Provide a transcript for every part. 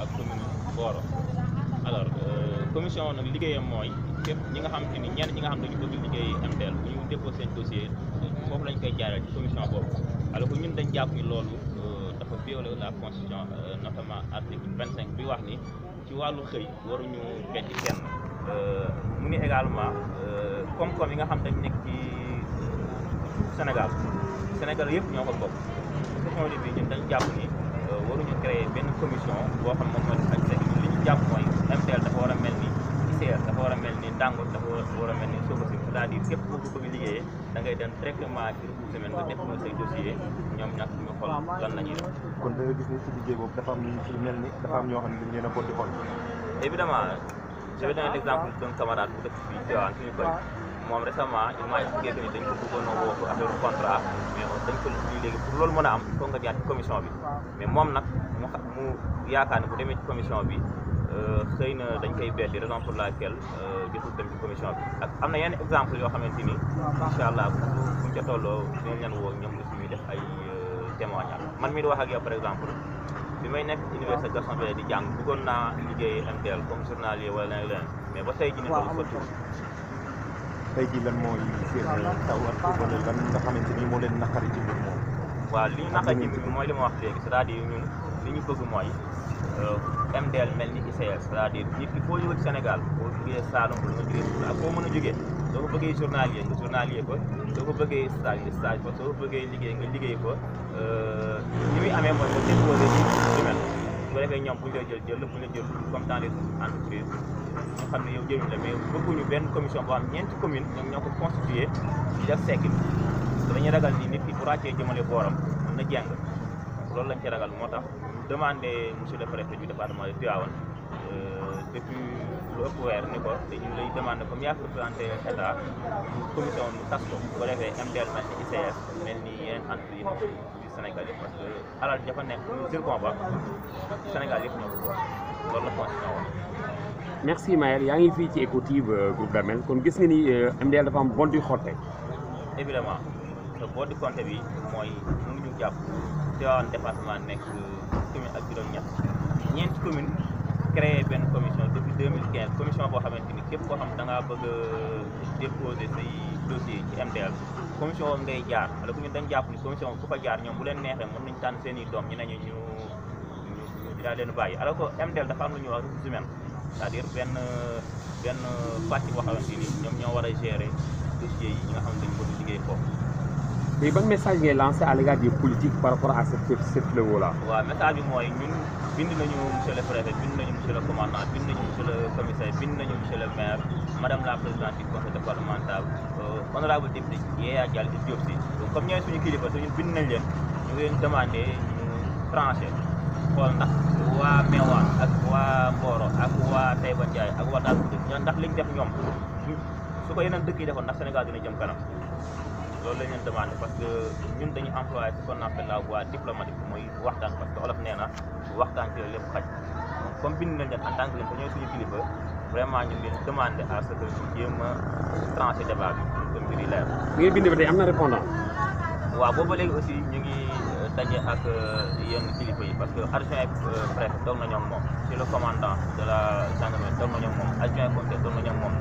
ak commune Mboro alors euh, commission nag liggéeyam mooy képp ñi nga xam te ni ñenn ñi nga xam dañu bëgg liggéey MTL bu ñu déposé seen dossier foofu lañ koy jaaree ci commission boobu alors que ñun dañ jàpp ni loolu euh, dafa violer la constitution euh, notamment article vingt cinq bi wax ni ci wàllu xëy waruñu beddi kenn mu ni également koom-koom yi nga xam dañ nekk ci Sénégal Sénégal yëpp ñoo ko bokk su ko xoolee bi ñun dañ jàpp ni benn commission boo xam moom moo def ak seen li ñu jàpp mooy MTL dafa war a mel ni ICS dafa war a mel ni Dangote dafa war a mel ni Sococim c'est-à-dire képp ku bëgg liggéeyee da ngay dem directement ci ressources humaines nga def say dossier ñoom nag ñu xool lan la ñuy def. kon da nga gis ne si liggéey boobu dafa am lu ñu mel ni dafa am ñoo xam ne dañu leen a botti xool. évidemment je vais donner l'exemple d'un camarade bu dëkk fii Tivaouane suñu koñ. moom récemment il m'a expliqué que ni dañ ko bëggoon a woo affaire contrat mais dañ ko lii léegi pour loolu mën a am il faut commission bi mais moom nag mu mu yaakaar ne bu demee ci commission bi euh, xëy na dañ koy beddi raison pour laquelle euh, jotul dem ci commission bi ak am na yenn exemple yoo xamante ni incha allah buñ ca tolloo dinañ leen woo ñoom aussi ñuy def ay euh, témoignage man mii di wax ak yow par may nekk université Gaston Berger di jàng bëggoon naa liggéey MTL comme journalier wala leneen mais ba tey ji ne loolu sotti tey jii lan mooy seen taw ak wala lan nga xamante ni moo leen naqari ci mbir moom. waaw li ñu naqari ci mooy li ma wax léegi cest à ñun li ñu bëgg mooy euh, MDL mel ni ICS c'est-à-dire nit ki foo jógee Sénégal boo jógee Saloum boo jógee Fuuta ak foo mën a jógee soo ko bëggee journalier nga journalier ko soo ko bëggee stage nga stage ko soo ko bëggee liggéey nga liggéey ko euh, li muy amee mooy nga déposé ci domaine. bu ko defee ñoom bu ñu jël jël bu ñu la jël comme dans les entreprises ñu xam ne yow jëluñ la mais bëgguñu benn commission boo xam ñeenti commune ñoom ñoo ko constitué di def sekki te dañuy ragal ni nit ki bu ràccee jëmale booram mën na jàng loolu lañ ci ragal moo tax demandé monsieur le préfet du département de Tivaouane euh, depuis lu ëpp weer ni ko te ñu lay demandé comme yaa représenté état mu commission mu tas ko bu ko defee MDL mel ni ICS mel ni yeneen entreprise du parce que alal dafa nekk ñu zircon ba Sénégal yëpp ñoo ko bokk loolu la constitution wax merci Mayel yaa ngi fii ci Ecotive euh, groupe Damel kon gis nga ni euh, MDL dafa am bon di xonte évidemment te bon di xonte bi mooy mënuñu jàpp Tivaouane département nekk commune ak juróom-ñett ñeenti commune créé benn commission depuis 2015 commission boo xamante ni képp koo xam da ngaa bëgg a déposer say dossier ci MDL commission boobu ngay jaar wala ku ñu dañ jàpp ni commission ku fa jaar ñoom bu leen neexee mën nañ tànn seen i doom ñu ne ñu ñu ñu daal leen bàyyi alors que MDL dafa am lu ñuy wax ressources humaines c'est-à-dire benn benn pàcc boo xamante ni ñoom ñoo war a gérer dossier yi ñi nga xam ne dañu bëgg liggéey foofu. mais ban message ngay lancé à l'égard des politiques par rapport à cette cette fléau là. waaw message bi mooy ñun bind nañu monsieur le préfet bind nañu monsieur le commandant bind nañu monsieur le commissaire na nañu monsieur le maire madame la présidente du conseil départemental euh, honorable député Yaya Diallo Diop si. comme ñooy suñu kilifa te ñun bind nañ leen ñu ngi leen demandé ñu tranché xool waa Meewaan ak waa Mboro ak waa Taïba Ndiaye ak waa Darou Koudou ñoom ndax def ñoom su loolu la ñuy demandé parce que ñun dañu employé ce qu'on appelle la voie diplomatique mooy waxtaan parce que olof nee waxtaan ci la lépp xaj donc comme bind nañ leen en tant que vraiment ñu leen demandé à ce que ñu jéem a tranché débat bi pour que mbir yi leer. bi ngeen bind ba tey am na répondant. waaw booba léegi aussi ñu ngi euh, daje ak euh, yenn kilifa yi parce que adjoint euh, préfet toog na moom. ci le commandant de la gendarmerie toog na ñoom moom adjoint comté toog na ñoom moom.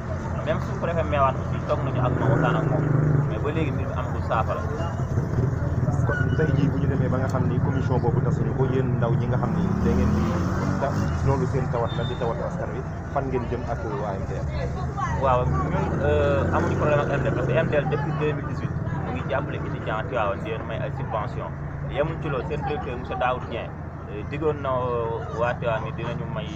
même sous préfet Meewaat aussi toog nañu ak moom waxtaan ak moom mais ba léegi mbir mi amagul saafara. kon tey jii bu ñu demee ba nga xam ni commission boobu tas nañu ko yéen ndaw ñi nga xam ni da ngeen di tas loolu seen tawat la di tawat askan wi fan ngeen jëm ak waa MDL. waaw ñun euh, amuñu problème ak MDL parce que MDL depuis 2018 mu ngi jàppale étudiants Tivaouane di leen may ay subvention yemuñ ci loolu seen directeur monsieur Daoud Dieng euh, diggoon na euh, waa Tivaouane ni dinañu may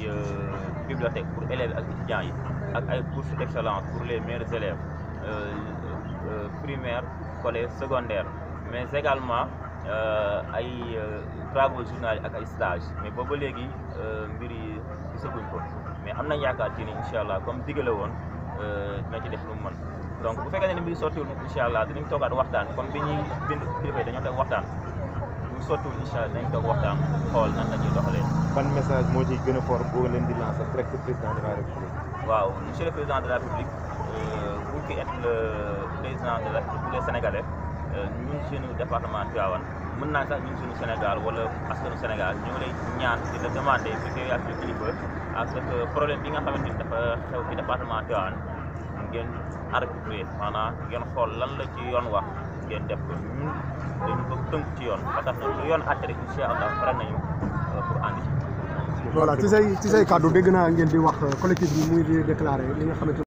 bibliothèque pour élèves ak étudiants yi. ak ay bourses d'excellence pour les meilleurs élèves euh, euh, primaire collège secondaire mais également euh, ay travaux journal ak ay stage mais boobu léegi mbir yi gisaguñ ko mais am nañ yaakaar ci ni incha allah comme digale woon dina ci def lu mu mën donc bu fekkee ne mbir sortiwul incha allah dinañ toogaat waxtaan comme bi ñuy bind kilifa yi dañoo def waxtaan bu sottiwul incha allah dañ toog waxtaan xool nan la ñuy doxalee. ban message moo ciy gën a fort boo leen di lancer direct président de la république. waaw monsieur le président de la république vous euh, qui êtes le président de la république des euh, mën naa sax ñun suñu Sénégal wala askanu Sénégal ñoo lay ñaan di la demander parce que yow yaa suñu kilifa ak problème bi nga xamante ni dafa xew ci département Tivaouane ngeen arbitrer maanaam ngeen xool lan la ci yoon wax ngeen def tënk ci yoon ba tax na lu yoon àtte rek kàddu dégg naa ngeen di wax euh, collectif bi muy di déclaré li nga xamante